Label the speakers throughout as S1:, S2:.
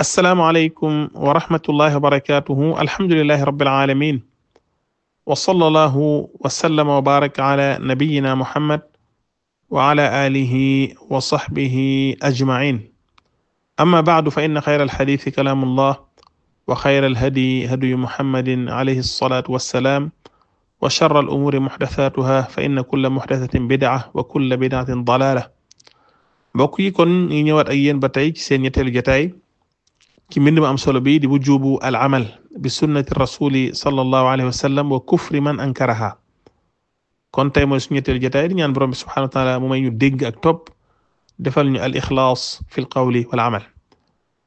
S1: asalaamaaleykum wa rahmatullahi wa barakaatuhu alhamdulilahi rabbil aalamiin wa sallallahu wa sallama wa baaraka ala nabiyyina muhammad wa ala aalihi wa sahbihi ajma'iin amma ba'du fa inna xayral hadiisi kalaamullah wa xayral hadyi hadyu muhammadin alayhi salaatu wa salaam wa sharral umuuri muhdasaatuhaa fa inna kulla muhdasatin bid'a wa kulla bid'atin dalaala mbokk yi kon ñu ñëwaat ak yéen ba tey ci seen ñetteelu jotaay ci mbind ma am solo bi di wujubu al amal bi sunnati rasuli sallallahu alayhi wa sallam wa kufri man ankaraha kon tey mooy suñu ñetteelu jotaay di ñaan borom bi subhanahu wa taala mu may ñu dégg ak topp defal ñu al fi l qawli wal amal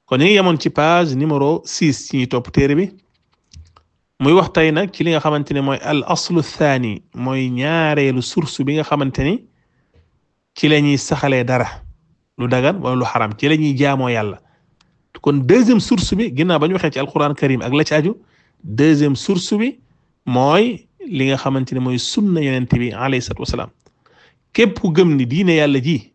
S1: kon ñu ngi yemoon ci page numéro six ci ñuy topp téere bi muy wax tey nag ci li nga xamante ne mooy al aslu mooy ñaareelu source bi nga xamante ni ci la ñuy saxalee dara lu dagan wala lu xaram ci la jaamoo yàlla kon deuxième source bi ginnaaw ba ñu waxee ci alquran karim ak la aju deuxième source bi mooy li nga xamante ne mooy sunna yonent bi alayhi salaatu wasalaam képp ku gëm ni diine yàlla ji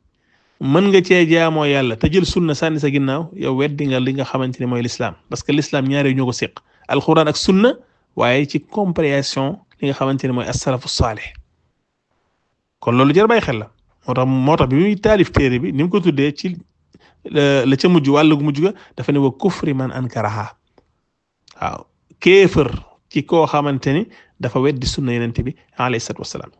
S1: mën nga cee moo yàlla ta jël sunna sànni sa ginnaaw yow weddi nga li nga xamante ne mooy l'islam parce que l'islam ñaari ñoo ko séq alquran ak sunna waaye ci compréhension li nga xamante ne mooy as-salafu saalih kon loolu jar bàyyi moo tax moo tax bi muy taalif téere la ca mujj wàll gu mujj ga dafa ne wa kufri man ankaraha waaw ci koo xamante ni dafa weddi sunna yonent bi alayhi salaatu wassalaam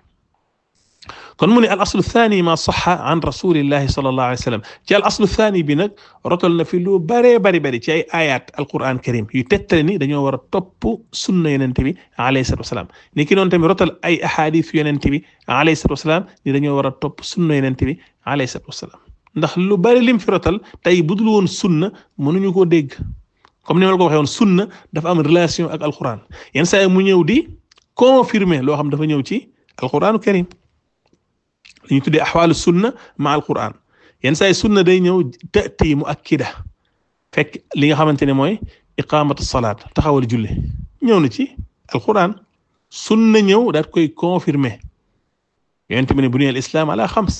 S1: kon mu ne al aslu thani ma saxa an rasulillahi sallallahu alayhi wa sallam ci al aslu bi nag rotal na fi lu baree bari bari ci ay ayat alquran karim yu tettale ni dañoo war a topp sunna yonent bi alayhi salaatu wasalaam ni ki noonu tamit rotal ay ahadith yonent bi alayhi salaatu wasalaam ni dañoo war a topp sunna yonent bi alayhi ndax lu bari lim fi rotal tey bu dul woon sunna mënuñu koo dégg comme ni ma la ko waxee woon sunna dafa am relation ak alquran yenn saa mu ñëw di confirmer loo xam dafa ñëw ci alquranu karim tuddee axwaalu sunna ma alquran yenn saa day ñëw tati mu akkida fekk li nga xamante ne mooy iqamatu salaat taxawal julli ñëw na ci alquran sunna ñëw daat koy confirmer yonent bi ne bu nuyel islam xams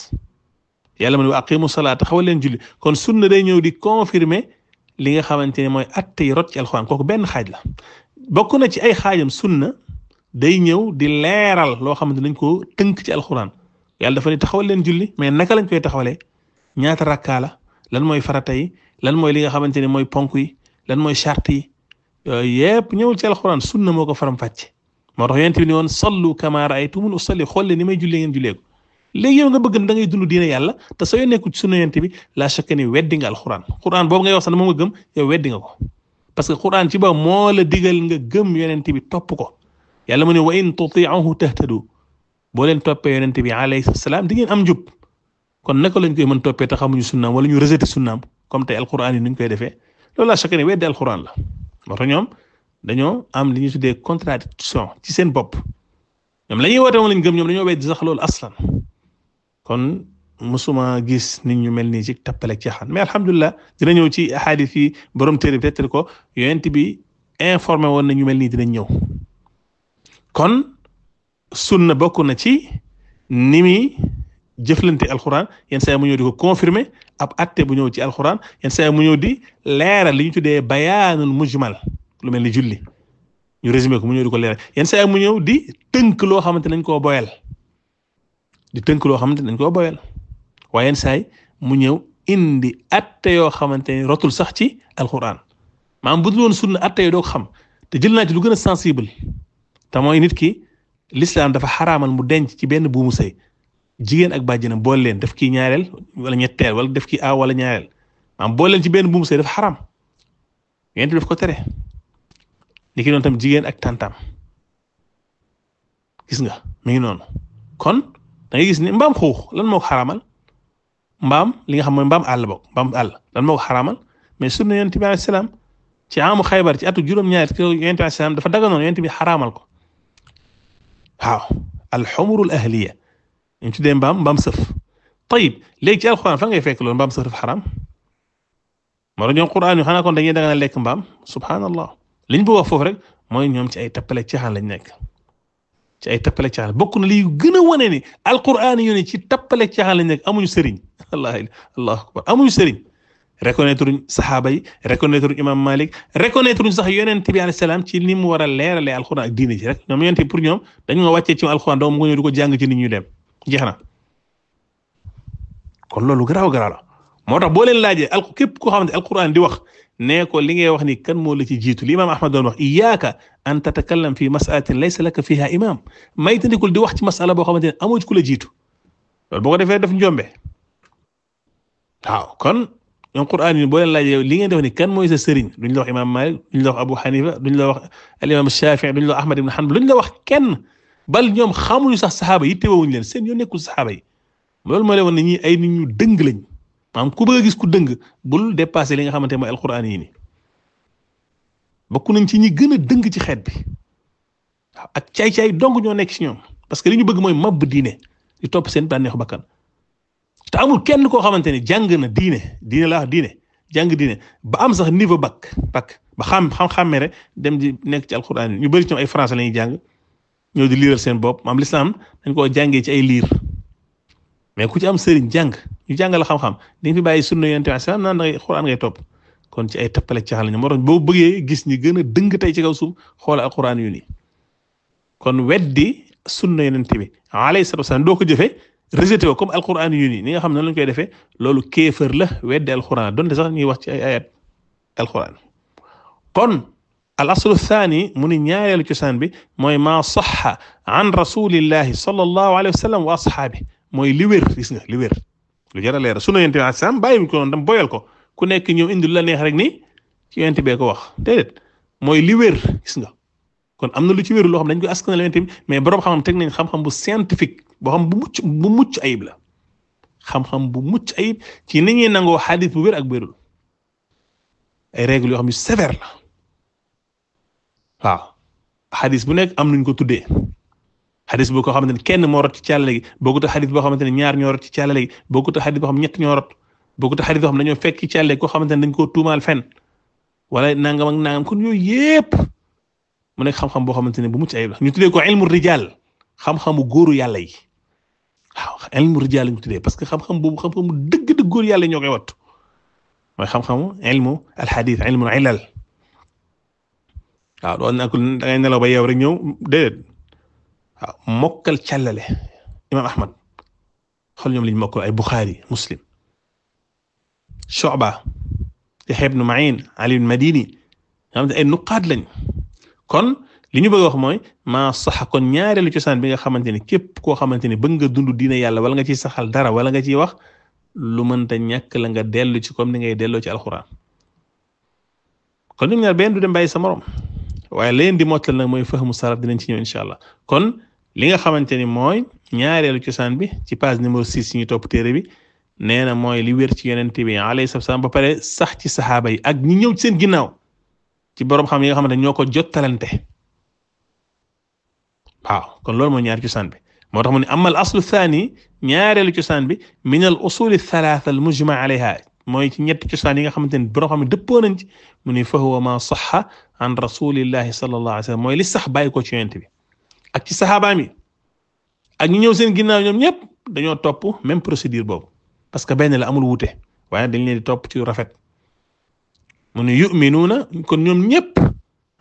S1: yàlla mu ne wa aqimu salaata xawal leen julli kon sunna day ñëw di confirmer li nga xamante ne mooy atte yi rot ci alxuraan kooku benn xaaj la bokk na ci ay xaajam sunna day ñëw di leeral loo xamante dañ ko tënk ci alxuraan yàlla dafa ne taxawal leen julli mais naka lañ koy taxawalee ñaata rakkaa lan mooy farata lan mooy li nga xamante ne mooy ponk yi lan mooy charte yi yooyu yëpp ñëwul ci alxuraan sunna moo ko faram fàcce moo tax yonent bi ne woon sallu kama raaytumuni usalli xool leen ni may jullee ngeen jullee ko léegi yow nga bëgg da ngay dund diine yàlla te soo nekkul ci sunna yonent bi laa shakka ni weddi nga alxuraan xuraan boobu ngay wax sax moom nga gëm yow weddi nga ko parce que xuraan ci la digal nga gëm yonent bi topp ko yàlla mu boo leen toppee yonent bi alayhi salaam di ngeen am njub kon naka lañ koy mën toppee te xamuñu sunnaam wala ñu rejeté sunnaam comme tey alxuraan yi nuñ koy defee loolu laa shakka ni weddi alxuraan la moo ñoom dañoo am li ñuy tuddee contradiction ci seen bopp ñoom la ñuy woote moom lañ gëm ñoom dañoo weddi sax loolu aslan kon musuma gis nit ñu mel nii ci tappale ak caaxaan mais alhamdulilah dina ñëw ci xaadis yi borom téere bi ko yonent bi informé woon na ñu mel nii dinañ ñëw kon sunna bokk na ci ni muy jëflante alxuraan yenn saa mu ñëw di ko confirmer ab atte bu ñëw ci alxuraan yenn mu ñëw di leeral li ñu tuddee bayaanul mujmal lu mel ni julli ñu résumé ko mu ñëw di ko leeral yenn saa mu ñëw di tënk loo xamante nañ koo boyal di tënk loo xamante dañ koo boyal waaye saay mu ñëw indi atte yoo xamante ni rotul sax ci alquran maam bu dul woon sunna atte yoo doo xam te jël naa ci lu gën a sensible te mooy nit ki l'islam dafa xaraamal mu denc ci benn buumu sëy jigéen ak bàjjinam boole leen def ki ñaareel wala ñetteel wala def ki aaw wala ñaareel maam boole ci benn buumu sëy dafa xaram yéen daf ko tere li noonu tam jigéen ak tàntam gis nga mi ngi noonu kon. da gis ni mbaam xuux lan moo ko xaraamal mbaam li nga xam mooy mbaam àll boog mbaam àll lan moo ko xaraamal mais sunna yonent bi alayhi salaam ci amu xaybar ci atu juróom-ñaar ci yonent bi alayhi salaam dafa daganoon yonent bi xaraamal ko waaw alxumurul ahliya ñu tuddee mbaam mbaam sëf tayib léegi ci alxuraan fan ngay fekk loolu mbaam sëf dafa xaraam mara ñoom quraan yu xanaa kon dañuy daganal lekk mbaam subhaanallah liñ bu wax foofu rek mooy ñoom ci ay tappale caaxaan lañ nekk ci ay tappale caaxaan bokk na li gën a wane ni alquran yu ne ci tappale caaxaan lañ nekk amuñu sëriñ wallahi allahu akbar amuñu sëriñ reconnaître uñ saxaaba yi reconnaître uñ imam malik reconnaître sax yonent bi alayhi salaam ci ni mu war a leeralee alquran ak diine ji rek ñoom yonent pour ñoom dañ nga wàccee ci alquran doo mu nga ñëw di ko jàng ci nit ñu dem jeex na kon loolu garaaw garaaw moo tax boo leen laajee al képp koo xamante alquran di wax nee ko li ngay wax ni kan moo la ci jiitu li imaam Ahmad doon wax iyyaka an tatakallam fi mas'alatin laysa laka fiha imam may tandikul di wax ci masala boo xamante ne amoo ci la jiitu loolu boo ko defee def njombe waaw kon ñoom Qur'an yi li ngeen def ni kan mooy sa sëriñ duñ la wax imaam Malik la wax Abu Hanifa duñ la wax al imaam Shafi'i duñ la wax Ahmad ibn Hanbal duñ wax kenn bal ñoom xamuñu sax saxaaba yi teewuñu leen sen yoo nekkul saxaaba yi loolu moo leen wan ne ñii ay nit ñu dëng lañ. maanaam ku bëgg gis ku dëng bul dépasser li nga xamante ne mooy alxuraan yi nii bokk nañ ci ñi gën a dëng ci xeet bi waaw ak cay cay dong ñoo nekk ci ñoom parce que li ñu bëgg mooy mabb diine di topp seen bànneexu bakkan te amul kenn koo xamante ne jàng na diine diine diine jàng diine ba am sax niveau bac bac ba xam xam xàmmere dem di nekk ci alxuraan yi ñu bëri ci ñoom ay français la ñuy jàng ñoo di liiral seen bopp maam lislaam dañ koo jàngee ci ay liir. mais ku ci am sëriñ jàng ñu jàngal xam-xam di nga fi bàyyi sunna yonent bi salaam naan ngay xuraan ngay topp kon ci ay tappale caaxaan lañu moo tax boo bëggee gis ñi gën dëng tey ci kaw suuf xoola alxuraan yu ni kon weddi sunna yonent bi alayhi salaatu wasalaam doo ko jëfee rejeté ko comme alxuraan yu nga xam ne lañ koy defee loolu kéefër la weddi alxuraan donte sax ñuy wax ci ay ayat alxuraan kon al aslu thani mu ni ñaareelu cosaan bi mooy maa saxa an rasulillahi sallallahu alayhi wa sallam wa ashaabi mooy li wér gis nga li wér lu jar a leer su na yonent bi alayhi salaam bàyyi ko noonu dam boyal ko ku nekk ñëw indi la neex rek nii ci yonent bee ko wax déedéet mooy li wér gis nga kon am na lu ci wér loo xam dañ ko askanale yonent mais borom xam-xam teg bu scientifique boo xam bu mucc bu mucc ayib la xam-xam bu mucc ayib ci ni ñuy nangoo xadis bu wér ak wérul ay règles yoo xam yu sévère la waaw xadis bu nekk am nuñ ko tuddee xadis boo ko xamante ne kenn moo rot ci càllale gi bokkut ak xadis boo xamante ne ñaar ñoo ci càllale gi bokkut ak xadis boo xam ñett ñoo rot bokkut ak xam ne dañ koo tuumaal fen wala nangam ak xam-xam boo xamante ne bu mucc ayib la ñu tuddee ko ilmu rijal xam-xamu góoru yàlla yi waaw ilmu rijal la ñu tuddee parce que xam-xam boobu xam-xamu dëgg-dëgg ñoo koy wattu mooy xam-xamu ilmu alxadis ilmu ilal waaw doon naa ko da ngay yeew rek ñëw waaw mokkal càllale imaam Ahmad xool ñoom liñ mokkal ay Bukhari Muslim Shu'ba Yahya ibn Ma'in Ali ibn Madini nga ay nuqaat lañ kon li ñu bëgg wax mooy ma sax kon ñaareelu cosaan bi nga xamante ni képp koo xamante ni bëgg nga dund diine yàlla wala nga ciy saxal dara wala nga ciy wax lu mënta ñàkk la nga dellu ci comme ni ngay delloo ci alxuraan kon ñoom ñaar benn du dem bàyyi sa morom waaye leen di motal na mooy fahmu salaf dinañ ci ñëw incha allah li nga xamante ni mooy ñaareelu cosaan bi ci page numéro six ñu topp téere bi nee na mooy li wér ci yonent bi alayhi salaam ba pare sax ci saxaaba yi ak ñi ñëw seen ginnaaw ci borom xam yi nga xamante ñoo ko jottalante kon loolu mooy ñaari cosaan bi moo tax mu ne amal aslu thani ñaareelu cosaan bi min al usul thalatha al mujma alayha mooy ci ñetti cosaan yi nga xamante ni borom xam ne nañ ci mu ne fa huwa ma sax an rasulillahi sallallahu alayhi wa mooy li sax bàyyi ko ci yonent bi ak ci saxaabaam yi ak ñu ñëw seen ginnaaw ñoom ñëpp dañoo topp même procédure boobu parce que benn la amul wuute waaye dañ leen di topp ci rafet mu ne yu'minuuna kon ñoom ñëpp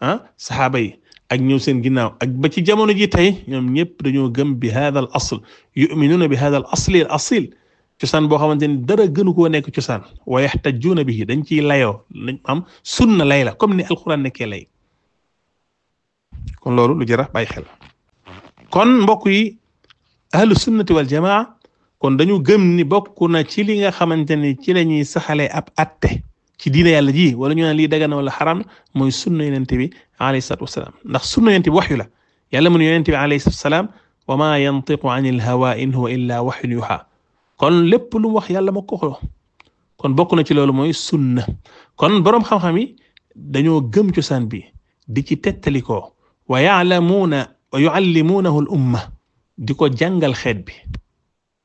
S1: ah saxaaba yi ak ñoom seen ginnaaw ak ba ci jamono ji tey ñoom ñëpp dañoo gëm bi hada al asl yu'minuuna bi hada al asli al asil cosaan boo xamante ni dara gënu koo nekk cosaan wa bi bihi dañ ciy layoo dañ am sunna lay la comme ni alquran nekkee lay kon loolu lu jara bàyyi xel kon mbokk yi ahlu sunnati wal jamaa kon dañu gëm ni bokk na ci li nga xamante ni ci la ñuy saxalee ab atte ci diine yàlla ji wala ñu naan lii dagan wala xaram mooy sunna yonent bi alayhi salaatu wasalaam ndax sunna yonent bi waxyu la yàlla mu ne yonent bi alayhi salaatu wasalaam wa maa yantiqu an il hawa in huwa illaa waxyun yuhaa kon lépp lu wax yàlla ma bokk na ci loolu mooy sunna kon boroom xam-xam yi dañoo gëm cosaan bi di ci tettalikoo ko yaalamuuna wa yuallimuunahu al umma di ko jàngal xeet bi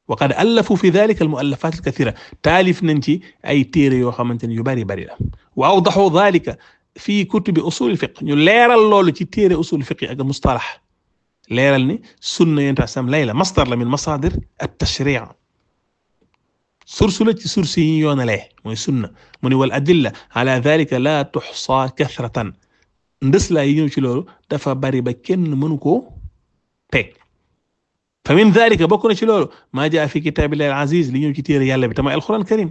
S1: wa qad allafu fi dalika al muallafat al kathira taalif nañ ci ay téere yoo xamante ne yu bari bari la wa awdaxu dalika fii kutubi usul fiq ñu leeral loolu ci téere usul fiq ak mustalax leeral ni sunna yonent sam lay la masdar la min masaadir at tashri' source la ci source yi ñu yoonalee mooy sunna mu ni wal adilla ala dalika la tuxsa kathratan ndëslaay yi ñëw ci loolu dafa bari ba kenn mënu koo teg fa min dalika bokk na ci loolu maa jaa fi kitaabillahi al aziz li ñëw ci téere yàlla bi tamay alquran karim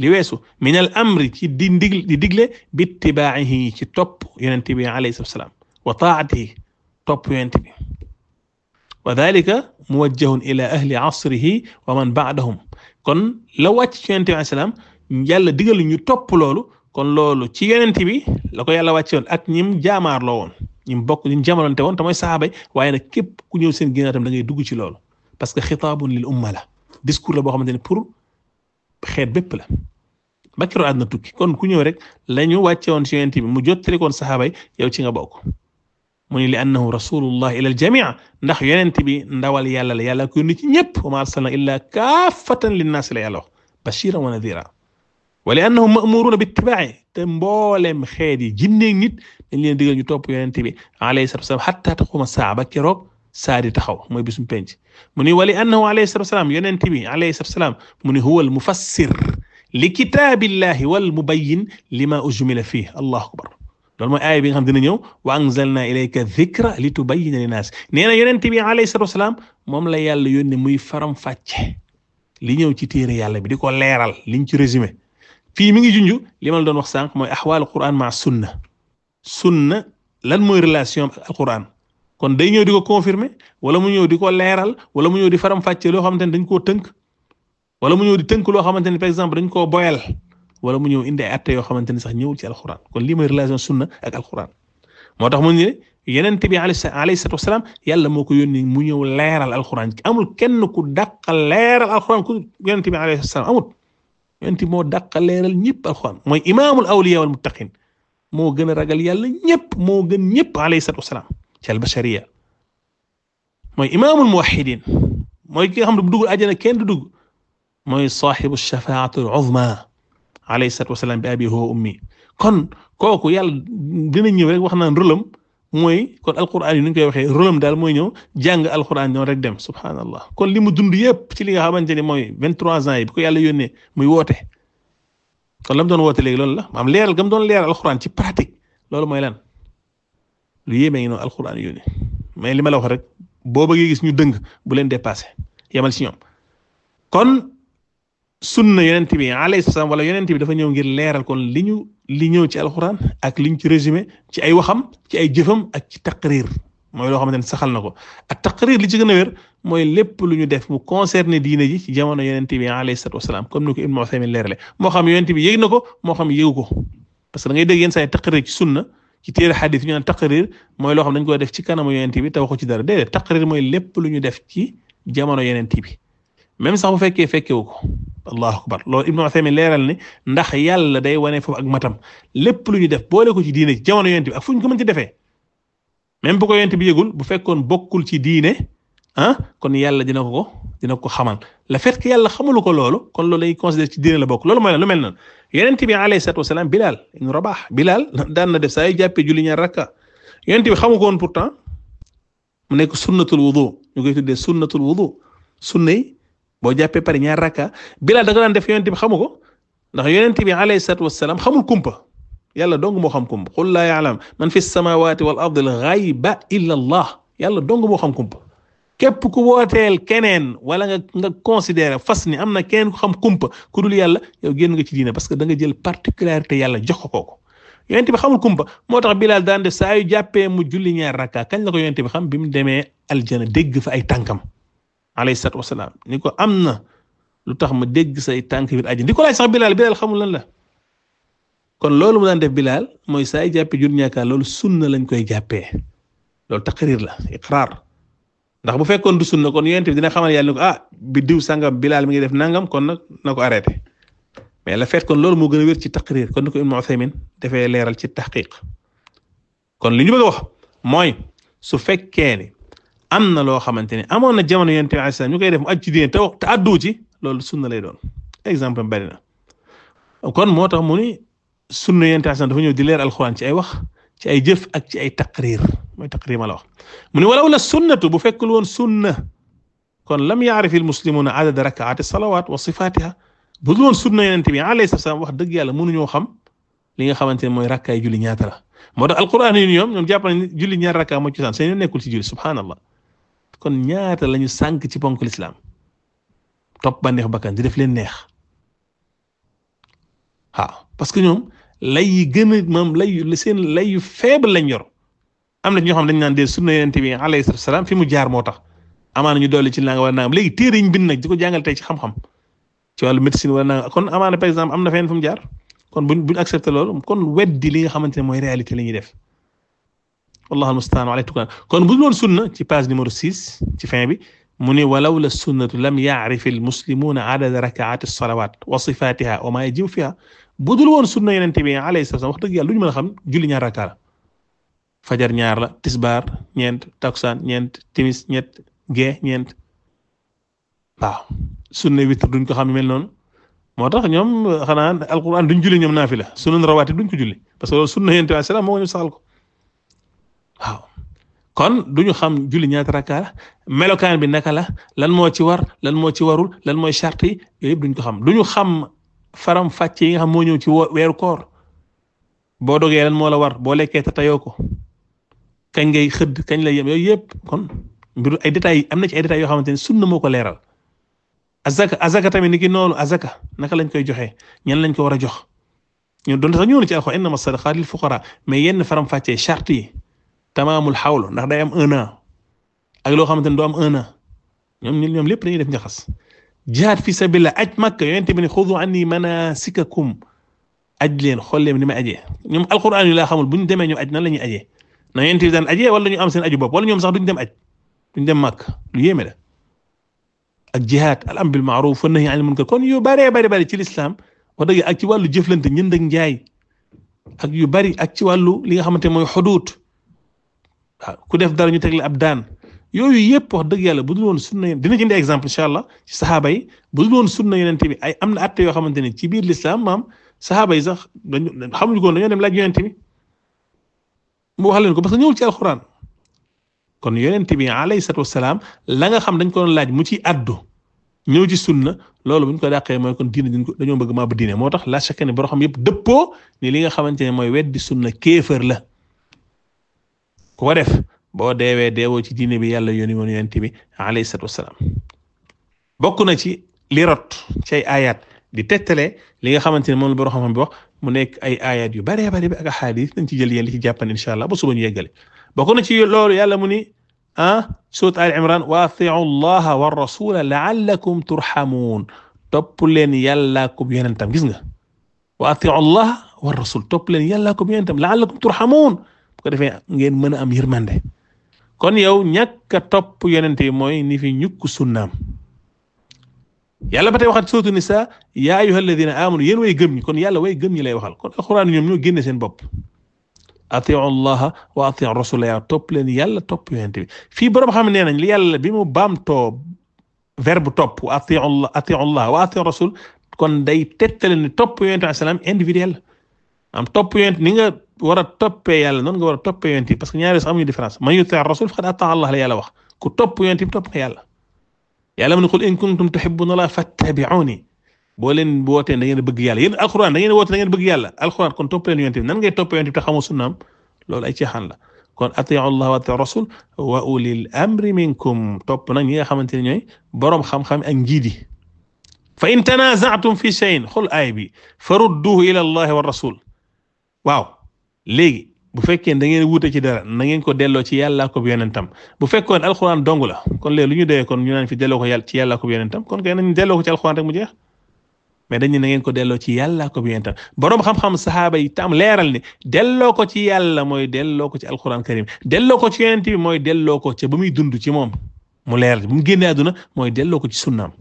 S1: li weesu min al ci di ndig digle bi itibaahi ci topp yonente bi alayhi salatu wasalaam wa taatihi topp yonente bi wa dalika muwajjahun kon la wàcc ci yonente bi ñu topp loolu kon loolu ci yonent bi la ko yàlla wàcce ak ñim jaamaar loo woon ñim bokk ñim jamonante woon te mooy waaye nag képp ku ñëw seen ginnaaw tam da ngay dugg ci loolu parce que xitaabun lil umma la discours la boo xamante ne pour xeet bépp la ba keroog tukki kon ku ñëw rek la ñu wàcce woon ci yonent bi mu jottali koon saxaaba yow ci nga bokk mu ni li annahu rasulullah ila al jamii ndax yonent bi ndawal yàlla la yàlla ko yónni ci ñëpp wa ma arsalna illa kaafatan linnaasi la yàlla wax wala annahum ma'muruuna bittibaa'i te mboolem xeet yi jinne nit dañ leen digal ñu topp yonent bi alayhi salaatu wasalaam hatta taquuma saa ba keroog saa di taxaw mooy bisum penc mu ni wali annahu alayhi salaatu wasalaam yonent bi alayhi salaatu wasalaam mu ni huwal mufassir li kitaabillahi wal mubayyin lima ujmila fiihi allahu akbar loolu mooy aaya bi nga xam dina ñëw wa anzalna ilayka dhikra li tubayyina linnaas nee na yonent bi alayhi salaatu wasalaam moom la yàlla yónne muy faram fàcce li ñëw ci téere yàlla bi di ko leeral liñ ci résumé fii mi ngi junju li ma la doon wax sànq mooy axwaalu quran ma sunna sunna lan mooy relation ak alquran kon day ñëw di ko confirmer wala mu ñëw di ko leeral wala mu ñëw di faram-fàccee loo xamante ne dañ koo tënk wala mu ñëw tënk loo xamante ne par exemple dañ koo boyal wala mu ñëw indi ay atte yoo xamante ne sax ñëwul ci alquran kon lii mooy relation sunna ak alquran moo tax mu ne yeneen bi alayhi salaatu wasalaam yàlla moo ko yónni mu ñëw leeral alquran amul kenn ku dàq leeral alquran ku yeneen bi alayhi salaam amut. yonent moo dàqa leeral ñëpp alxuraan mooy imaamul awliya wal muttaqin moo gën a ragal yàlla ñëpp moo gën ñëpp alayhi salaatu wasalaam ci albashariya mooy imaamul muwahidin mooy ki nga xam ne bu dugg àjjana kenn du dugg mooy saaxibu shafaatul uzma alayhi salaatu wasalaam bi abi huwa ummi kon kooku yàlla dina ñëw rek wax naan rëlam mooy kon alquran yi ni ñu koy waxee rôlam daal mooy ñëw jàng alquran ñoo rek dem subhanallah kon li mu dund yëpp ci li nga xamante ni mooy vingt trois ans yi bu ko yàlla yónnee muy woote kon la mu doon woote léegi loolu la maam leeral ga mu doon leeral alquran ci pratique loolu mooy lan lu yéeme ngi noonu alquran yónnee mais li ma la wax rek booba bëggee gis ñu dëng bu leen dépassé yemal ci ñoom kon sunna yonent bi alayhi salaam wala yonent bi dafa ñëw ngir leeral kon li ñu li ñëw ci alxuraan ak li ñu ci résumé ci ay waxam ci ay jëfam ak ci taqrir mooy loo xamante ne saxal na ko ak taqrir li ci gën a wér mooy lépp lu ñu def mu concerné diine ji ci jamono yonent bi alayhi salaatu wasalaam comme ni ko Ibnu Usaymin xam yonent bi yëg na moo xam yëgu ko parce que da ngay dégg yenn saa yi taqrir ci sunna ci téere xadis ñu naan taqrir mooy loo xam koy def ci kanamu yonent bi te waxu ci dara déedéet taqrir mooy lépp lu ñu def ci jamono yonent bi même sax bu fekkee fekkewu ko allahu akbar loolu Ibnu mi leeral ni ndax yàlla day wane foofu ak matam lépp lu ñu def boole ko ci diine ci jamono yonent bi ak fu ñu ko mën ci defee même bu ko yonent bi yëgul bu fekkoon bokkul ci diine ah kon yàlla dina ko ko dina ko xamal le fait que yàlla xamalu ko loolu kon loolu lay considérer ci diine la bokk loolu mooy la lu mel noonu yonent bi alayhi salaatu wasalaam Bilal ibnu Rabah Bilal daan na def saa jàppee julli ñaar rakka yonent bi xamu ko woon pourtant mu nekk sunnatul wudu ñu koy tuddee sunnatul wudu sunnay boo jàppee pare ñaar rakka Bilaal da ko daan def yonent bi xamu ko ndax yonent bi alayhi salaatu wassalaam xamul kumpa yàlla dong moo xam kumpa qul laa ya'lam man fi samaawaati wal ardi al ghayba illa allah yàlla dong moo xam képp ku wooteel keneen wala nga nga considérer fas ni am na keneen xam kumpa ku dul yàlla yow génn nga ci diina parce que da nga jël particularité yàlla jox ko kooku yonent bi xamul kumpa moo tax Bilaal daan def saa jàppee mu julli ñaar rakka kañ na ko yonent bi xam bi mu demee aljana dégg fa ay tànkam alayhi salaatu wasalaam ni ko am na lu tax ma dégg say tànk biir àjjana di ko laaj sax Bilaal Bilaal xamul lan la kon loolu mu daan def Bilaal mooy saay yi jàppee jur ñàkkaar loolu sunna lañ koy jàppee loolu taqrir la iqraar ndax bu fekkoon du sunna kon yonent bi dina xamal yàlla ne ko a ah, bi diw sangam Bilaal mi ngi def nangam kon nag na ko arrêté mais la fekkoon loolu moo gën a wér ci taqrir kon ni ko Ibn Uthaymin defee leeral ci taxqiq kon li ñu bëgg a wax mooy su fekkee am na loo xamante ne amoon na jamono yonent bi alayhi salaam ñu koy def mu aj ci diine te wax te addu ci loolu sunna lay doon exemple bari na kon moo tax mu ni sunna yonent bi alayhi salaam dafa ñëw di leer alxuraan ci ay wax ci ay jëf ak ci ay taqrir mooy taqrir ma la wax mu ni walaw la sunnatu bu fekkul woon sunna kon lam yaarif il muslimuna adada rakaati salawat wa sifatiha bu dul woon sunna yonent bi alayhi salaam wax dëgg yàlla mënuñoo xam li nga xamante ne mooy rakkaay julli ñaata la moo tax alquran yi ñoom ñoom jàpp nañ julli ñaar rakkaa mooy cosaan seen nekkul ci julli subhanallah kon ñaata lañu sànk ci ponk lislaam topp bànneexu bakkan di def leen neex waaw parce que ñoom lay yi gën a moom lay seen lay yu faible lañ yor am na ñoo xam dañ naan dee sunna yonent fi mu jaar moo tax amaana ñu dolli ci la nga war a naam léegi téere ñu bind nag di ko jàngal tey ci xam-xam ci wàllu médecine wala naa kon amaana par exemple am na fenn fu jaar kon buñ buñ accepté lool kon weddi li nga xamante ne mooy réalité la ñuy def wallahu almustaan alayhi tukaan kon bu dul woon sunna ci page numéro six ci fin bi mu ne walaw la sunnatu lam yaarif almuslimuuna adada rakaati alsalawat wa sifaatiha wa maa yajibu fiha bu woon sunna yonent bi alayhi salaam wax dëgg yàlla lu ñu mën a xam julli ñaar rakaa fajar ñaar la tisbaar ñeent takusaan ñeent timis ñett gee ñeent waaw sunna witr duñ ko xam mel noonu moo tax ñoom xanaa alquran duñ julli ñoom naafila sunna rawaati duñ ko julli parce que loolu sunna yonent waaw kon du ñu xam julli ñaata rakka la melokaan bi naka la lan moo ci war lan moo ci warul lan mooy charte yi yooyu yëpp duñ ko xam du ñu xam faram fàcce yi nga xam moo ñëw ci weeru koor boo dogee lan moo la war boo lekkee te tayoo ko kañ ngay xëdd kañ lay yem yooyu yëpp kon mbiru ay détails am na ci ay détails yoo xamante ne na moo ko leeral azaka azaka tamit ni ki noonu azaka naka lañ koy joxe ñan lañ ko war a jox ñun doon sax ñëw na ci na innama sadaqaat lil fuqara mais yenn faram fàccee charte yi tamaamul xawlu ndax day am un an ak loo xamante ne du am un ñoom ñoom lépp dañuy def njaxas jihaad fi sabilillah aj makka yonent bi ne xudu anni manasikakum aj leen xool leen ni may ajee ñoom alquran yi laa xamul bu ñu demee ñoom aj nan la ñuy ajee na yonent bi daan ajee wala ñu am seen aju bopp wala ñoom sax ñu dem aj duñ dem makka lu yéeme la ak jihaad al am bil maaruf wa nahi anil munkar kon yu bëree bëri bëri ci lislaam wax dëgg ak ci wàllu jëflante ñënd ak njaay ak yu bëri ak ci wàllu li nga xamante mooy xuduut waaw ah, ku def dara ñu teg la ab daan yooyu yëpp wax dëgg yàlla bu dul woon sunna dina jënd exemple incha allah ci saxaaba yi bu dul woon sunna yonent bi ay am na atte yoo xamante ne ci biir lislaam maam saxaaba yi sax dañu xamuñu ko dañoo dem laaj yonent bi mu wax leen ko parce ñëw ñëwul ci alxuraan kon yonent bi alayhi salaatu wasalaam la nga xam dañ ko doon laaj mu ci addu ñëw ci sunna loolu bu ñu ko dàqee mooy kon diine dañ ko dañoo bëgg maa ba diine moo tax la chaque ne boo xam yëpp dëppoo ni li nga xamante ne mooy weddi sunna kéefër la ko def boo deewee deewoo ci diine bi yàlla yónni woon yonent bi alayhi salaatu wassalaam bokk na ci li rot ci ay ayat di tettale li nga xamante ne moom la borom xam-xam mu nekk ay ayat yu baree bari bi ak ahadis nañ ci jël yéen li ci jàppan insha allah ba suba na ci loolu yàlla mu ni ah surat al imran wa atiu allaha wa rasula laallakum turhamuun topp leen yàllaa ko yonentam gis nga wa atiu allaha wa rasul topp leen yàllaa ko yonentam laallakum turhamuun ko defee ngeen mën a am yërmande kon yow ñàkk top topp yonent yi mooy ni fi ñukk sunnaam yàlla ba tey waxat sootu nisa yaa ayyuha alladina amanu yéen way gëm ñi kon yàlla way gëm ñi lay waxal kon alxuraan ñoom ñoo génne seen bopp atiu allaha wa atiu rasula yaa topp leen yàlla topp yonent bi fii boroom xam nee nañ li yàlla bi mu baamtoo verbe topp atiu allah rasul kon day tettale ni topp yonent bi salaam am topp yonent ni nga war a toppee yàlla noonu nga war a toppee yonent yi parce que ñaari sax amuñu différence man yuti rasul faqad ata allah la yàlla wax ku topp yonent yi topp nga yàlla yàlla mu ne qul in kuntum tuhibbuna allah fattabi'uni boo leen wootee da ngeen bëgg yàlla yéen alquran da ngeen woote da ngeen bëgg yàlla alquran kon topp leen yonent bi nan ngay topp yonent bi te xamoo sunnaam loolu ay ceexaan la kon atiu allah wa atiu rasul wa ulil amri minkum topp nag ñi nga xamante ne ñooy boroom xam-xam ak njiit yi fa in tanaza'tum fi shay'in xul aay bi farudduhu ila allah wa rasul waaw léegi bu fekkee da ngeen wuute ci dara na ngeen ko delloo ci yàlla ko tam bu fekkoon alxuraan dong la kon léegi lu ñu dee kon ñu naan fi delloo ko yàlla ci yàlla ko yonentam kon kay nañ delloo ko mais dañu na ngeen ko delloo ci yàlla ko yonentam borom xam-xam saxaaba yi tam leeral ni delloo ko ci yàlla mooy delloo ko ci alxuraan karim delloo ko ci yonent bi mooy delloo ko ca ba muy dund ci moom mu leeral bu mu génnee àdduna mooy delloo ko ci sunnaam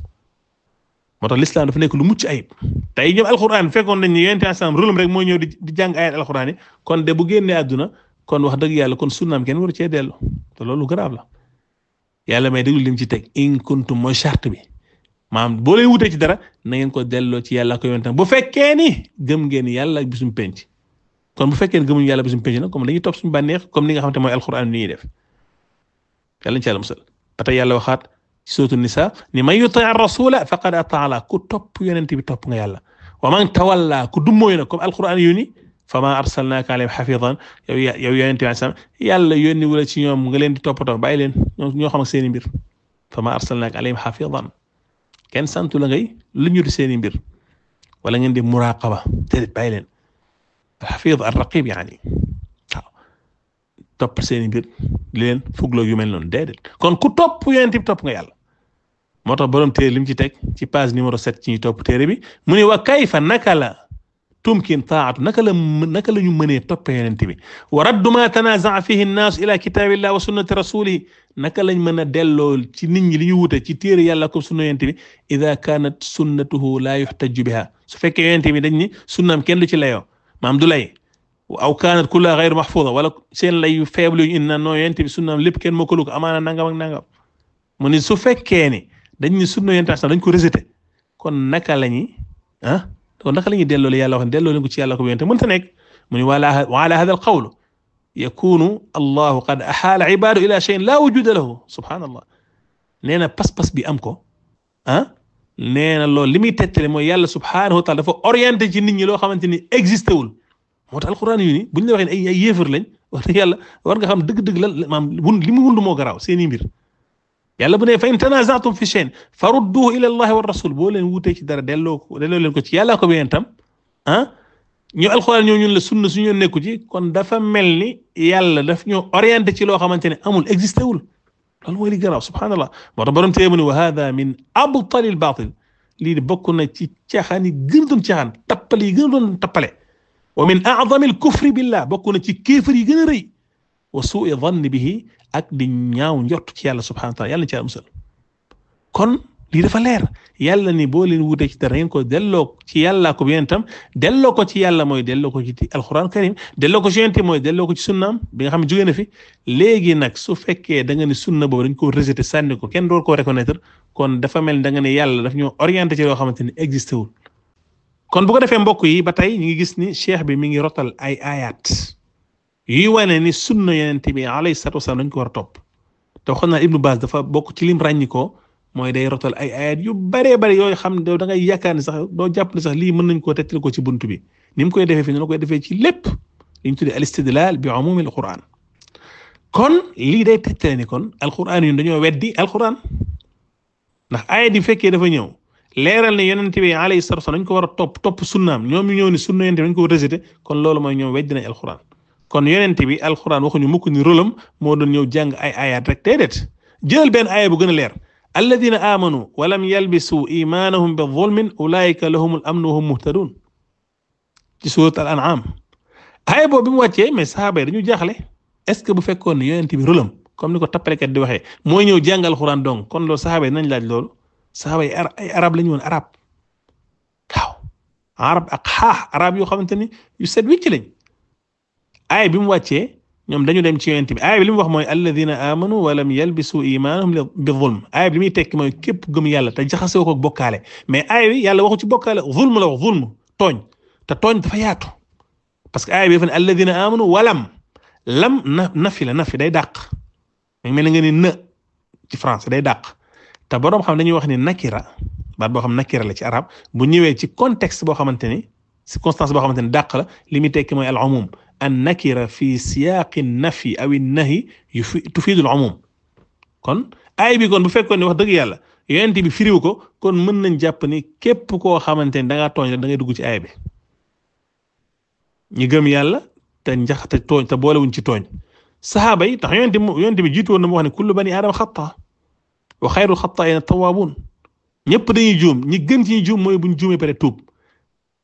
S1: moo tax l'islam dafa nekk lu mucc ayib tey ñoom alxuraan fekkoon nañ ne yonent asalaam rôlam rek mooy ñëw di di jàng ayat alxuraan kon de bu génnee àdduna kon wax dëgg yàlla kon sunnaam kenn waru cee dellu te loolu grave la yàlla may déglu lim ci teg in kuntum mooy charte bi maam boo leen wutee ci dara na ngeen ko delloo ci yàlla ko yonentam bu fekkee ni gëm ngeen yàlla ak bisum penc kon bu fekkee ni gëmuñu yàlla bisum penc nag comme dañuy topp suñu bànneex comme li nga xamante mooy alxuraan ni ñuy def yàlla ci yàlla musal ba tey yàlla waxaat ci sootu nisa ni man yuti rasula faqad ataa Allah topp yonent bi topp nga yàlla wa man tawalla ku dummóoyu nag comme alquran yónni fa ma arsalnaaka alayhim xafidan yow yow yonente yàlla yónni wala ci ñoom nga leen di toppatoo bàyyi leen ñoo xam ak seen i mbir fa ma arsalnaaka alayhim xafidan kenn santu la ngay lu ñu mbir wala ngeen di muraqaba te bàyyi leen xafid yaani topp seen i mbir di leen fugloog yu mel noonu déedéet kon ku topp yonente bi topp nga yàlla moo tax borom téere li mu ci teg ci page numéro sept ci ñuy topp téere bi mu ne wa kayfa naka la tumkin taatu naka la naka la ñu mënee toppee yonent bi wa raddu ma tanazaa fihi nnaasu ila kitaabillah wa sunnati rasulihi naka lañ mën a delloo ci nit ñi li ñu wute ci téere yàlla ko sunna yonent bi ida kaanat sunnatuhu laa yuxtaju biha su fekkee yonent bi dañ ni sunnaam kenn du ci layoo maam du lay aw kaanat kulla gayr mahfuda wala seen lay yu faible yu ñu in na noo yonent bi sunnaam lépp kenn mokkalu ko amaana nangam ak nangam mu ni su fekkee ni dañ ni sunna yonent sax dañ ko rejeté kon naka la ñuy ah kon naka la ñuy yàlla wax delloo leen ko ci yàlla ko yonent mënta nekk mu ni wala wala hada al qawlu yakunu allahu qad axaala ibaadu ila cheyin laa wujuda lahu subhaanallah nee na pas-pas bi am ko ah nee na loolu muy tettale mooy yàlla subhaanahu wa taala dafa orienté ci nit ñi loo xamante ni existé wul moo tax alquran yu bu buñ la waxee ne ay ay yéefar lañ wax dëgg yàlla war nga xam dëgg-dëgg la maam wun li mu wund moo garaw seeni mbir yàlla bu ne fa in tanaza'tum fi shay'in farudduhu ila allahi wa rasul boo leen wutee ci dara delloo ko delloo leen ko ci yàlla ko beneen tam ah ñu alxuraan ñoo ñun la sunna suñu nekku ci kon dafa mel ni yàlla daf ñoo orienté ci loo xamante ne amul existé wul loolu mooy li garaaw subhaanallah moo tax borom téye mu ne wa hada min abtal al batil lii bokk na ci caaxaan yi gën a doon caaxaan tappale yi gën a doon tappale wa min a'zam al kufri billah bokk na ci kéefar yi gën a rëy wa su'i dhanni bihi ak di ñaaw njort ci yàlla subhanahu wa ta'ala yàlla ci musal kon lii dafa leer yàlla ni boo leen wutee ci dara ngeen ko delloo ci yàlla ko yonent am delloo ko ci yàlla mooy delloo ko ci alxuraan karim delloo ko ci yonent mooy delloo ko ci sunnaam bi nga xam ne jógee na fi léegi nag su fekkee da nga ne sunna boobu dañ ko rejeté sànni ko kenn door koo reconnaître kon dafa mel da nga ne yàlla daf ñoo orienté ci loo xamante ni kon bu defee mbokk yi ba tey ñu ngi gis ni cheikh bi mi ngi rotal ay yuy wane ni sunna yonent bi alayhi salaatu wasalaam dañ ko war a topp te waxoon naa Ibnu Baas dafa bokk ci lim ràññi ko mooy day rotal ay yu baree bari yooyu xam ne da ngay yaakaar ne sax doo jàpp sax lii mën nañ koo tettali ko ci buntu bi ni mu koy defee fii noonu koy defee ci lépp li ñu tuddee al istidlal bi umumi al quran kon lii day tettale ni kon alquran yi dañoo weddi alquran ndax ayat yi fekkee dafa ñëw leeral ne yonent bi alayhi salaatu wasalaam dañ ko war a topp topp sunnaam ñoom ñu ñëw ni sunna yonent bi dañ ko rejeté kon loolu mooy ñoom weddi nañ alquran kon yonent bi alxuraan waxuñu mukk ni rôlam moo doon ñëw jàng ay ayaat rek déedéet jël benn aaya bu gën a leer alladina amanu walam yalbisu imaanahum bi zulmin ulaayika lahumul amnu wahum muhtadun ci surat al an'am aaya boobu bi mu wàccee mais sahaaba yi dañu jaaxle est ce que bu fekkoon ne yonent bi rôlam comme ni ko tappalekat di waxee mooy ñëw jàng alxuraan donc kon loo sahaaba nañ laaj loolu sahaaba yi ay arab la woon arab waaw arab ak xaax arab yoo xamante ni yu set wicc lañ aaya bi mu wàccee ñoom dañu dem ci yonent bi aaya bi li mu wax mooy alladina amanu walam yalbisu imaanahum bi zulm aaya bi li muy tekki mooy képp gëm yàlla te jaxasoo ko bokkaale mais aaya bi yàlla waxu ci bokkaale zulm la wax zulm tooñ te tooñ dafa yaatu parce que aaya bi dafa ne alladina amanu walam lam na nafi la nafi day dàq mu mel ni nga na ci français day dàq te boroom xam dañuy wax ni nakira baat boo xam nakira la ci arab bu ñëwee ci contexte boo xamante ni circonstance boo xamante ni dàq la li muy tekki mooy al umum annakira fi siyaaqi nafi aw nahi yu fi tufiidul umum kon aay bi kon bu fekkoon ne wax dëgg yàlla yonent bi firiw ko kon mën nañ jàpp ni képp koo xamante ni da tooñ rek da dugg ci aay bi ñu gëm yàlla te njax te tooñ te boolewuñ ci tooñ saxaaba yi tax yonent bi yonent bi jiitu woon na mu wax ne kullu bani aadama xataa wa xayrul xataa'iina tawwaabuun ñëpp dañuy juum ñi gën ci ñu juum mooy buñ juumee pare tuub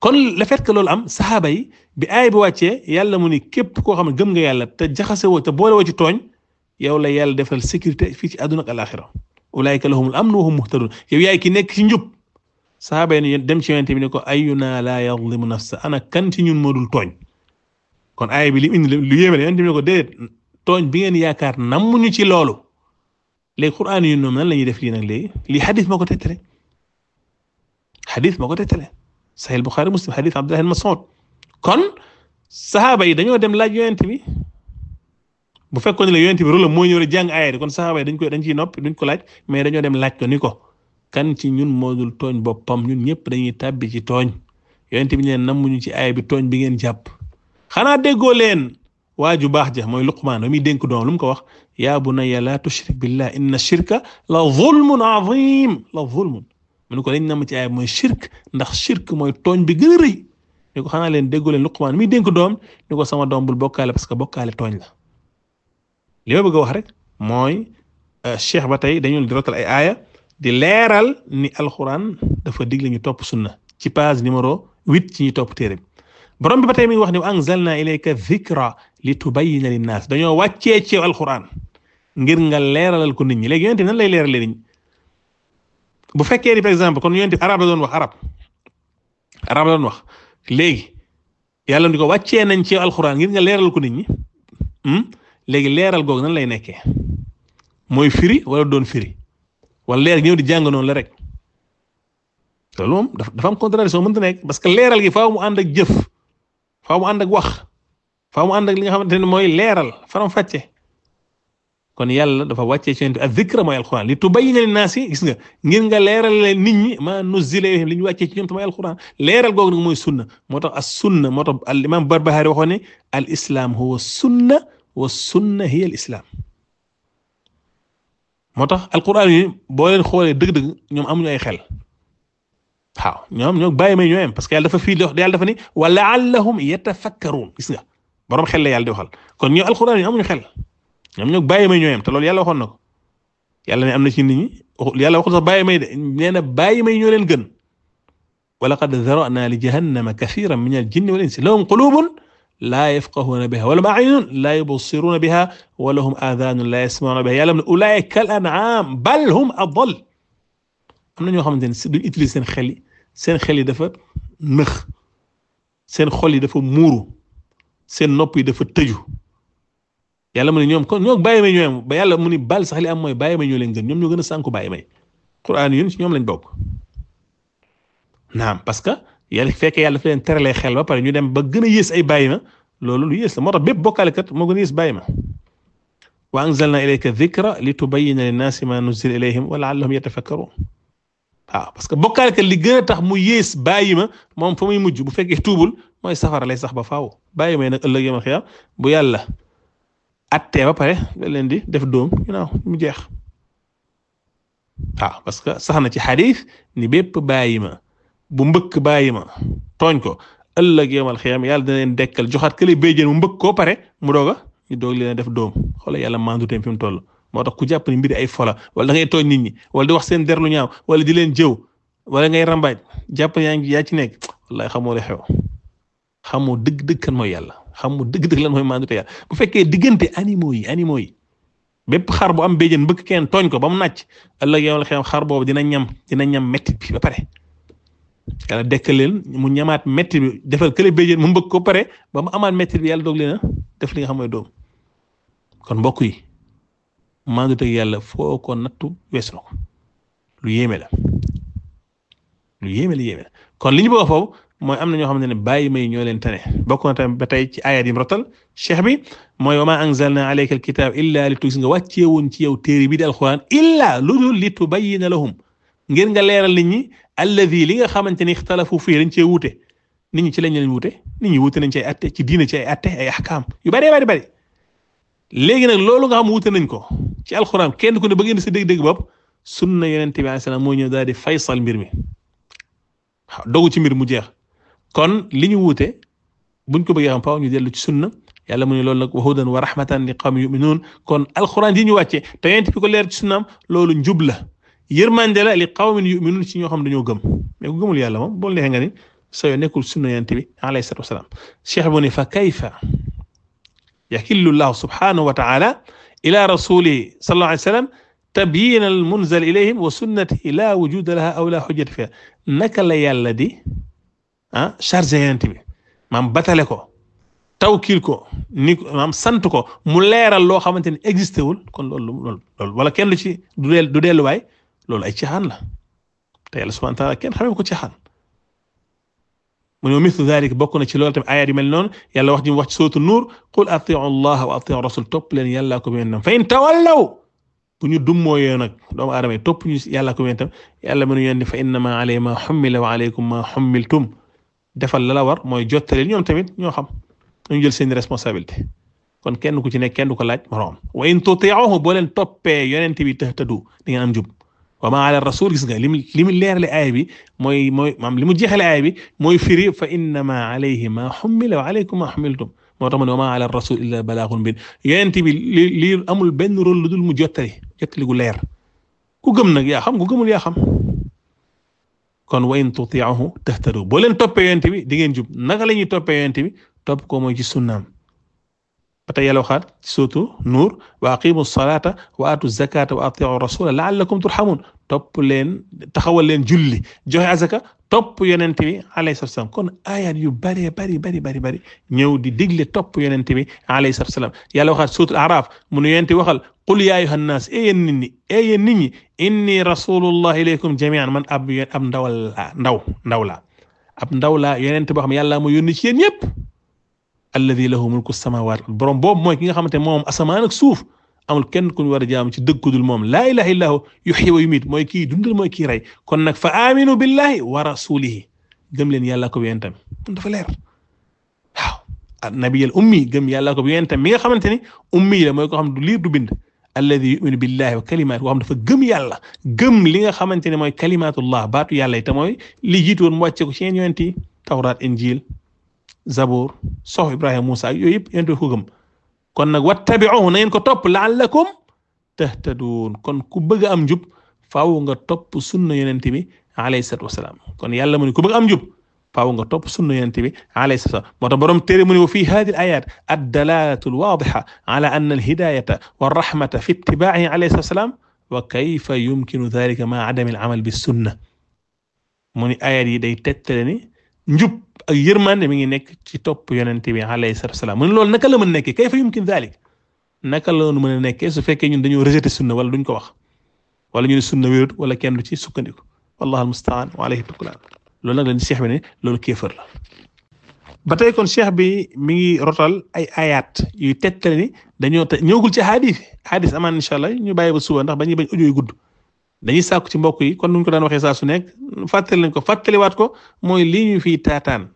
S1: kon la fait loolu am saxaaba yi bi aay bi wàccee yàlla mu ni képp koo xam ne gëm nga yàlla te jaxase woo te boole woo ci tooñ yow la yàlla defal sécurité fii ci àdduna ak alaxira ulaayka lahumul amnu wa hum muhtadun yow yaay ki nekk ci njub saxaaba yi dem ci yonente bi ne ko ayuna laa yadlimu nafsa ana kan ci ñun moo dul tooñ kon aay bi li indi lu yéeme la yonente bi ko déedéet tooñ bi ngeen yaakaar nammuñu ci loolu léegi quraan yu nan la ñuy def lii nag léegi lii xadis moo ko tettale xadis moo ko tettale Sahih Bukhari Muslim hadith Abdullah ma Mas'ud kon saxaaba yi dañoo dem laaj yonent bi bu fekkoon ne la yonent bi rôle am moo ñëw rek jàng kon saxaaba yi dañ koy dañ ciy noppi duñ ko laaj mais dañoo dem laaj ko ni ko kan ci ñun moo dul tooñ boppam ñun ñëpp dañuy tàbbi ci tooñ yonent bi neen nammuñu ci aaya bi tooñ bi ngeen jàpp xanaa déggoo leen waa ju baax ja mooy Luqmaan ba mii dénk doom lu mu ko wax yaa bunayya laa tushrik billah inna shirka la zulmun azim la zulmun mu ne ko lañ na ma ci aay mooy shirk ndax shirk mooy tooñ bi gën a rëy ko xanaa leen déggoo leen Luqmaan mi dénk doom ni ko sama doom bul bokkaale parce que bokkaale tooñ la li ma bëgg a wax rek mooy euh, cheikh ba tey dañu di rotal ay di leeral ni alxuraan dafa digle ñu topp sunna ci page numéro huit ci ñuy topp téere bi borom bi ba tey mi ngi wax ne anzalna ilayka dhikra li tubayyina linnaas dañoo wàccee ci alxuraan ngir nga leeralal ko nit ñi léegi yonent nan lay leeral nit bu fekkee ni par exemple kon yonent bi arab la doon wax arab arab la doon wax léegi yàlla ni ko wàccee nañ ci alxuraan ngir nga leeral ko nit ñi hmm? léegi leeral googu nan lay nekkee mooy firi wala doon firi wala leer ñëw di jàng noonu la rek loolu moom dafa am contradiction mënta nekk parce que leeral gi faaw mu ànd ak jëf faaw mu ànd ak wax faaw mu ànd ak li nga xamante ne mooy leeral faram fàcce kon yàlla dafa wàccee ci yonent bi az-zikra mooy alquran li tubayyina linnaasi gis nga ngir nga leeral leen nit ñi maa nuzzila ilayhim li ñu wàccee ci ñoom te mooy alquran leeral googu nag mooy sunna moo tax as sunna moo tax al imam Barbahari waxoon ne al islam huwa sunna wa sunna hiya al islam moo tax alquran yi boo leen xoolee dëgg-dëgg ñoom amuñu ay xel waaw ñoom ñoo bàyyi may ñooyam parce que yàlla dafa fii di wax yàlla dafa ni wa la'allahum yatafakkaruun gis nga borom xel la yàlla di waxal ñoom ñoo bàyyi may ñooyam te loolu yàlla waxoon na ko yàlla ne am na ci nit ñi yàlla waxul sax bàyyi may de nee na bàyyi may ñoo leen gën wa laqad zara'na li jahannama kathiran min al jinni wal insi lahum qulubun laa yafqahuuna biha wa lahum a'yunun laa yubsiruuna biha wa lahum aadaanun laa yasma'uuna biha yàlla ne ulaa'ika kal an'aam bal hum adall am na ñoo xamante ne duñ utiliser seen xel yi seen xel yi dafa nëx seen xol yi dafa muuru seen nopp yi dafa tëju yàlla mu ne ñoom ko ñoom bàyyi may ñoo am ba yàlla mu ni bal sax li ñoo leen gën ñoom ñoo lañ bokk naam parce que yàlla fekkee yàlla dafa leen teralee xel ba pare ñu dem ba gën a yées ay bàyyi ma loolu lu yées la moo tax bépp bokkaalekat moo gën a yées bàyyi ma wa anzalna ilayka dhikra li tubayyina linnaasi ma nuzzila ilayhim wa la'allahum yatafakkarun waaw parce que bokkaalekat li gën a tax mu yées bàyyi ma moom fa muy mujj bu fekkee tuubul mooy safara lay sax ba faaw bàyyi may nag ëllëg yawmal xiyaam bu yàlla at attee ba pare leen di def doom mu jeex waaw parce que sax na ci xadis ni bépp bàyyi ma bu mbëkk bàyyi ma tooñ ko ëllëg yowmal xiyam yàlla dina leen dekkal joxaat kële béjjén mu mbëkk koo pare mu doog a ñu doog leen def doom xoola yàlla mandu teem fi mu toll moo tax ku jàpp ni mbiri ay fola wala da ngay tooñ nit ñi wala di wax seen derlu ñaaw wala di leen jëw wala ngay rambaaj jàpp yaa ngi yaa ci nekk wallahi xamoo li xew xamoo dëgg dëgg kan mooy yàlla xam mu dëgg-dëgg la mooy mandute yàlla bu fekkee diggante animaux yi animaux yi bépp xar bu am béjjén bëgg kenn tooñ ko ba mu nàcc ëllëg yow la xam boobu dina ñam dina ñam mettit bi ba pare yàlla dekkal leen mu ñamaat mettit bi defal kële béjjén mu mbëgg ko pare ba mu amaat mettit bi yàlla doog leen def li nga xam mooy doom kon mbokk yi mandute yàlla foo ko nattu weesu na ko lu yéeme la lu yéeme la yéeme la kon li ñu bëgg mooy am na ñoo xamante ne bàyyi may ñoo leen tane bokk na tamit ba tey ci ayat yi mu rotal cheikh bi mooy wa ma anzalna alayka alkitab illa li tugis nga wàccee woon ci yow téere bi di alquran illa lu dul li tubayyina lahum ngir nga leeral nit ñi alladi li nga xamante ni ixtalafu fii dañ cee wuute nit ñi ci lañ leen wuute nit ñi wuute nañ ci ay ci diina ci ay atte yu bari bari bari léegi nag loolu nga xam wuute nañ ko ci alquran kenn ku ne bëgg indi sa dégg-dégg bopp sunna yonent bi alayhi salaam moo ñëw daal di faysal mbir mi waaw dogu ci mbir mu jeex kon li ñu wuute buñ ko bëggee xam faaw ñu dellu ci sunna yàlla mu ne loolu nag wa hudan wa rahmatan li qawmi yuminuun kon alxuraan yi ñu wàccee te yent bi ko leer ci sunnaam loolu njub la yërmande la li qawmin yuminuun ci ñoo xam dañoo gëm mais ku gëmul yàlla moom boo neexee nga ni nekkul sunna yent bi alayhi salaatu wasalaam cheikh bu fa kayfa yakillu llahu subhanahu wa taala ila rasuli sallallahu alayhi wa sallam tabyina almunzal ilayhim wa sunnati la wujuda laha aw la xujjata fiha naka la yàlla di ah chargé yonent bi maam batale ko tawkiil ko ni maam sant ko mu leeral loo xamante ni existé wul kon loolu loolu loolu wala kenn lu ci du dee du delluwaay loolu ay caaxaan la te yàlla subhanahu wa ko caaxaan mu ne bokk na ci loolu tamit ayat yi mel noonu yàlla wax ji mu wax ci sootu nuur qul atiu allah wa atiu rasul topp leen yàllaa ko yonentam fa in tawallaw bu ñu dummooyoo nag doomu aadama yi topp ñu yàllaa ko yonentam yàlla mënu yonent fa innama alay ma xummila wa alaykum ma xummiltum defal la la war mooy jottali ñoom tamit ñoo xam ñu jël seen responsabilité kon kenn ku ci nekk kenn du ko laaj moroom wa in tuti'uhu boo leen toppee yonent bi tahtadu di nga am jub wa ma ala rasul gis nga li mu li mu leerale aaya bi mooy mooy maam li mu jeexale aaya bi mooy firi fa innama alayhi ma hummila wa alaykum ma hummiltum moo tax ma ne ma ala rasul illa balaaxul mbin yonent bi li li amul benn rôle lu dul mu jottali jottali gu leer ku gëm nag yaa xam ku gëmul ya xam kon wa in tuti'uhu tahtadu boo leen toppee yonent bi di ngeen jub naka la ñuy toppee yonent bi topp ko mooy ci sunnaam ba tey yàlla waxaat ci sootu nuur wa aqimu salata wa atu zakata wa atiu rasula laallakum turhamun topp leen taxawal leen julli joxe azaka topp yonent bi alayhi salaam kon ayat yu bari bari bari bari bari ñëw di digle topp yonent bi alayhi salaam yàlla waxaat suutul araaf mu nu yonent waxal qul yaa ayyuhan naas e yéen nit ñi e yéen inni rasulullah ilaykum jamian man ab ab ndawal laa ndaw ndaw laa ab ndaw laa yonent boo xam yàlla mu yónni ci yéen ñëpp alladi lahu mulku samawaat borom boobu mooy ki nga ne moom asamaan ak suuf amul kenn ku ñu war a jaamu ci dëgg ku dul moom laa ilaha illa hu yuhyi yumiit mooy kii dundal mooy kii rey kon nag fa aminu billahi wa rasulihi gëm leen yàlla ko bi yentam dafa leer waaw annabiyal ummi gëm yàlla ko bi mi nga xamante ni ummi la mooy koo xam du liir du bind alladi yuminu billahi wa kalimaat woo xam dafa gëm yàlla gëm li nga xamante ne mooy kalimatullah baatu yàlla yi te mooy li jiitu woon mu wàcce ko ci yeen yonent tawraat injil zabur sox ibrahima moussa ak yooyu yëpp yonent kon nag wattabi'uhu na ngeen ko topp la'allakum tahtaduun kon ku bëgg a am njub faaw nga topp sunna yonent bi alayhi salaatu wasalaam kon yàlla mu ne ku bëgg am njub faaw nga topp sunna yonent bi alayhi salaatu wasalaam moo tax borom téere mu ne wa fi haadihi al-aayaat ad-dalaalatu al-waadiha ala anna al-hidaayata war-rahmata fi ittibaa'ihi alayhi salaatu wasalaam wa kayfa yumkinu dhaalika ma'a adami al-amal bis-sunna mu ni ayat yi day tegtale ni njub ak yërmande mi ngi nekk ci topp yonent bi alayhi salaatu wasalaam mu ne loolu naka la mën nekkee kayfa yumkin daalik naka la mën a nekkee su fekkee ñun dañoo rejeté sunna wala duñ ko wax wala ñu sunna wérut wala kenn du ci sukkandiku wallahu almustaan wa alayhi tukulaan loolu nag la di cheikh bi ne loolu kéefër la ba tey kon cheikh bi mi ngi rotal ay ayat yuy tegtale ni dañoo te ñëwagul ci hadis hadis amaan incha allah ñu bàyyi ba suba ndax ba ñuy bañ audio yu gudd dañuy sàkku ci mbokk yi kon nuñ ko daan waxee saa su nekk fàttali nañ ko fàttaliwaat ko mooy lii ñu fiy taataan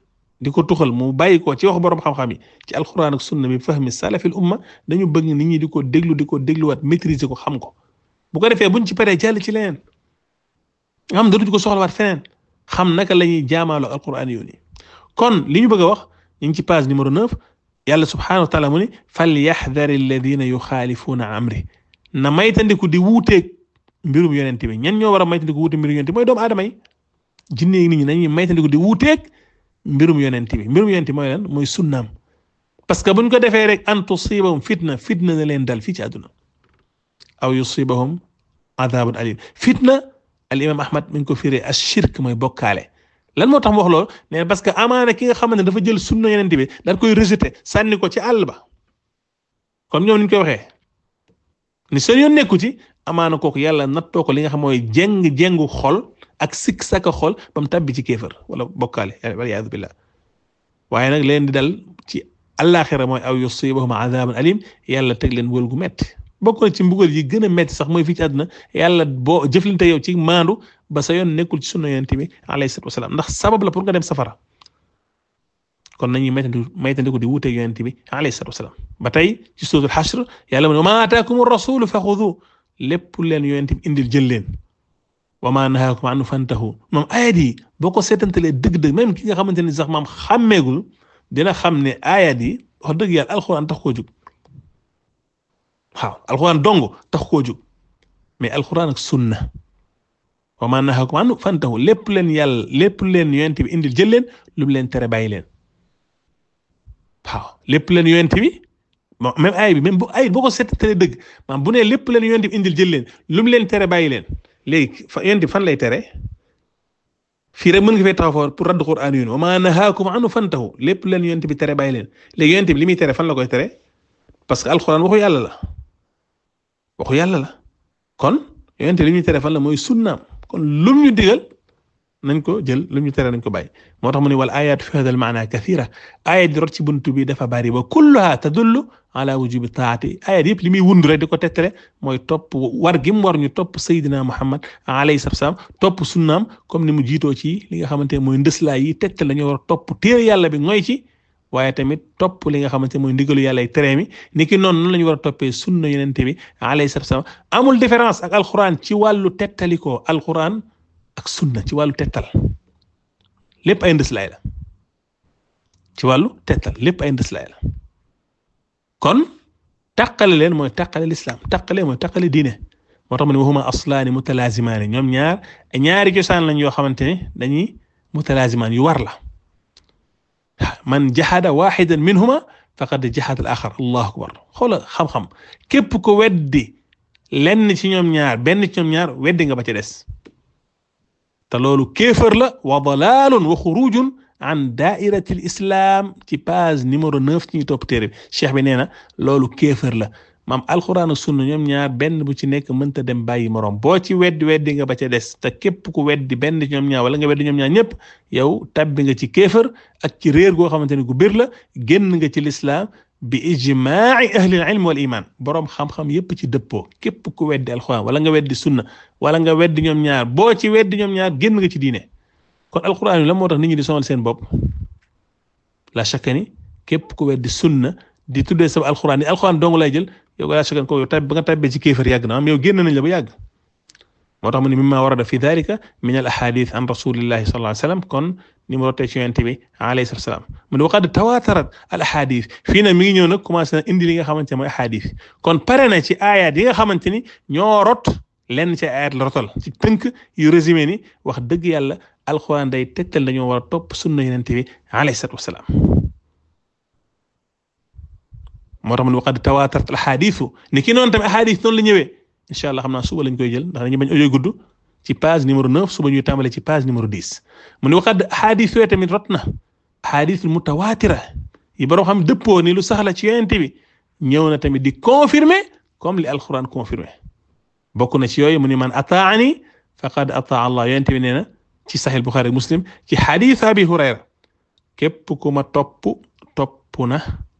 S1: di ko tuxal mu bàyyi ko ci wax borom xam-xam yi ci alquran ak sunna bi fahmi salafil umma dañu bëgg nit ñi di ko déglu di ko dégluwaat maîtriser ko xam ko bu ko defee buñ ci paree jàll ci leneen nga xam dootuñu ko soxlawaat feneen xam naka la ñuy jaamaaloo alquran yoon yi kon li ñu bëgg a wax ñu ngi ci page numéro 9 yàlla subhanahu wa taala mu ni fal yaxdari alladina yuxaalifuuna amri na maytandiku di wuuteeg mbirum yonent bi ñen ñoo war a maytandiku wuute mbirum yonent bi mooy doomu aadama yi jinne yi nit ñi nañuy maytandiku di wuuteeg mbirum yonent bi mbirum yonent bi mooy lan mooy sunnaam parce que buñ ko defee rek an tusibahum fitna fitna na leen dal fii ci àdduna aw yusibahum adabun alim fitna al imam ahmad mi ngi ko firee ashirk mooy bokkaale lan moo tax mu wax loolu ne parce que amaana ki nga xamante ne dafa jël sunna yonent bi daal koy rejeté sànni ko ci àll ba kon ñoom ni koy waxee ni seen yoon nekku ci amaana kooku yàlla nattoo ko li nga xam mooy jeng jengu xol ak sikk saka xol ba mu tàbbi ci kéefër wala bokkaale wal iyaadu billah waaye nag leen di dal ci àllaaxira mooy aw yusibahum adabun alim yàlla teg leen wël gu metti bokk ci mbugal yi gën a metti sax mooy fii ci àdduna yàlla boo jëflante yow ci maandu ba sa yoon nekkul ci sunna yonent bi alayhi salaatu wasalaam ndax sabab la pour nga dem safara kon nañuy maytandiku maytandiku di wuuteeg yonent bi alayhi salaatu wasalaam ba tey ci suuratul Hashr yàlla lépp leen yonent indil jël leen wa maa nahaakum anhu fantahu moom ayat boo ko seetantalee dëgg-dëgg même ki nga xamante ni sax maam xàmmeegul dina xam ne ayat yi wax dëgg yàlla alxuraan tax koo jug waaw alxuraan dong tax koo jug mais alxuraan ak sunna wa maa nahaakum anhu fantahu lépp leen yàlla lépp leen yonent indil jël leen lu leen tere bay leen waaw lépp leen bon même ay bi même bu ay boo ko seetatee dëgg maanaam bu ne lépp leen yoon di indil jël leen lu leen tere bàyyi leen léegi fa yoon di fan lay tere fii rek mën nga fay taxaw foofu pour radd Qur'aan yi wa maa nahaakum anhu fantahu lépp leen yoon bi tere bàyyi leen léegi yoon bi li muy tere fan la koy tere parce que alxuraan waxu yàlla la waxu yàlla la kon yoon li muy tere fan la mooy sunnaam kon lum ñu digal. nañ ko jël lu ñu tere nañ ko bàyyi moo tax mu ne wal ayat fi hadha al kathira ayat di rot ci buntu bi dafa bari ba kulluha tadullu ala wujubi taati ayat yëpp li muy wund rek di ko tettale mooy topp war gi war ñu topp sayyidina muhammad alayhi salaam topp sunnaam comme ni mu jiitoo ci li nga xamante ne mooy ndëslaa yi tettale ñu war topp téere yàlla bi ngoy ci waaye tamit topp li nga xamante ne mooy ndigalu yàlla ay tere ni ki noonu noonu la ñu war a toppee sunna yonente bi alayhi salaam amul différence ak alquran ci wàllu tettalikoo alquran ak sunna ci wàllu tettal lépp ay ndëslaay la ci wàllu tettal lépp ay ndëslaay la kon tàqale leen mooy tàqale lislaam tàqale mooy tàqale diine moo tax ma ne waxuma aslaani mutalaazimaani ñoom ñaar ñaari cosaan lañ yoo xamante ne dañuy mutalaazimaan yu war la man jahada waxidan minhuma faqad jahada al axar allahu akbar xoola xam-xam képp ko weddi lenn ci ñoom ñaar benn ci ñoom ñaar weddi nga ba ca des loolu kéefër la wa dalaalun wa xurujun an daairatil islam ci page numéro neuf ci ñuy topp téere bi cheikh bi nee na loolu kéefër la maam alxuraan ak sunna ñoom ñaar benn bu ci nekk mënta dem bàyyi moroom boo ci weddi weddi nga ba ca des te képp ku weddi benn ñoom ñaa wala nga weddi ñoom ñaa ñëpp yow tabbi nga ci kéefër ak ci réer goo xamante ne gu bir la génn nga ci lislaam bi ijmaa'i ahlil ilm wal iman boroom xam-xam yépp ci dëppoo képp ku weddi alxuraan wala nga weddi sunna wala nga weddi ñoom ñaar boo ci weddi ñoom ñaar génn nga ci diine kon alxuraan yi la moo tax nit ñi di sonal seen bopp la chaque ni képp ku weddi sunna di tuddee sa alxuraan yi alxuraan dong lay jël yow la chaque ko yow tab ba nga tabbee ci kéefar yàgg na am yow génn nañ la ba yàgg. moo tax mu ne mimma warada fi dalika min al ahadith an rasulillahi sallallahu alayhi wasallam kon ni mu rottee ci yonent bi alayhi salaam mu ne waqad tawaatarat al ahadith fii nag mi ngi ñëw nag commencé na indi li nga xamante ne mooy ahadith kon pare na ci aayaat yi nga xamante ni ñoo rot lenn ci ayat la rotal ci tënk yu résumé ni wax dëgg yàlla alxuraan day tegtal dañoo war a topp sunna yonent bi alayhi salaatu wasalaam moo tax mu ne waqad tawaatarat al ahadithu ni ki noonu tamit ahadith noonu la ñëwee incha allah xam naa suba lañ koy jël ndax dañuy bañ audio gudd ci page numéro 9 suba ñuy tàmbale ci page numéro 10 mu ne waxaat xaadis yooyu tamit rot na xaadis yi borom xam dëppoo ni lu sax la ci yonent bi ñëw na tamit di confirmer comme li alquran confirmer bokk na ci yooyu mu ne man ataani faqad ataa allah yonent bi nee na ci Sahih Bukhari Muslim ci xadis Abi Hurayra képp ku ma topp topp na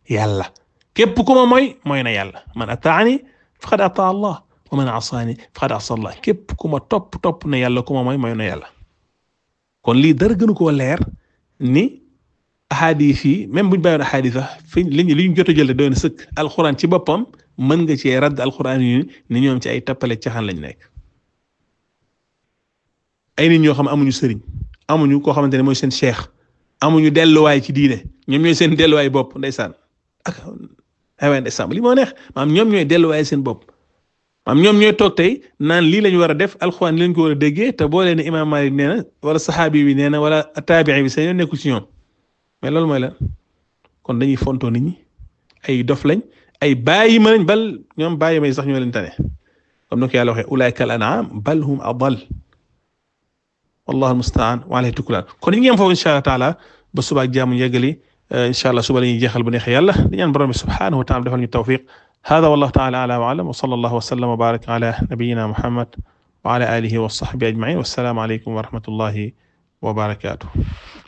S1: yàlla képp ku ma mooy na yàlla man ataani faqad ataa wa man asaani faqad asa la képp ku topp topp na yàlla ku ma mooy mooy na yàlla kon lii dara gënu koo leer ni ahadis yi même buñ bàyyoon ahadis sax fi liñ li ñu jot a jël doon sëkk alxuraan ci boppam mën nga cee radd alxuraan yu ni ci ay tappale caxaan lañ nekk. ay xam amuñu sëriñ amuñu koo xamante ne mooy seen cheikh amuñu delluwaay ci diine ñoom ñooy seen delluwaay bopp ndeysaan ak aywa ndeysaan ñoom ñooy delluwaay seen bopp. maam ñoom ñooy toog tey naan lii lañ war a def alxuraan lañ ko war a déggee boo leen imaam Maalik nee na wala saxaabi bi nee na wala taabi'i bi seen yoon nekkul ci ñoom mais loolu mooy la kon dañuy fontoo nit ñi ay dof lañ ay bàyyi ma lañ bal ñoom bàyyi may sax ñoo leen tane comme ni yàlla waxee ulaa'ika kal an'aam bal hum adall wallahu almustaan wa alayhi tuklaan kon ñu ngi am foofu incha allah taala ba suba ak jàmm yeggali incha allah suba la ñuy jeexal bu neexee yàlla di ñaan borom bi subhaanahu wa taala defal ñu tawfiq hada wallahu taala ala wa alam wa sallallahu wa sallam wa baaraka ala nabiyyina muhammad wa ala alihi wa sahbihi ajmain wassalaamu aleykum wa rahmatullahi wa barakatuh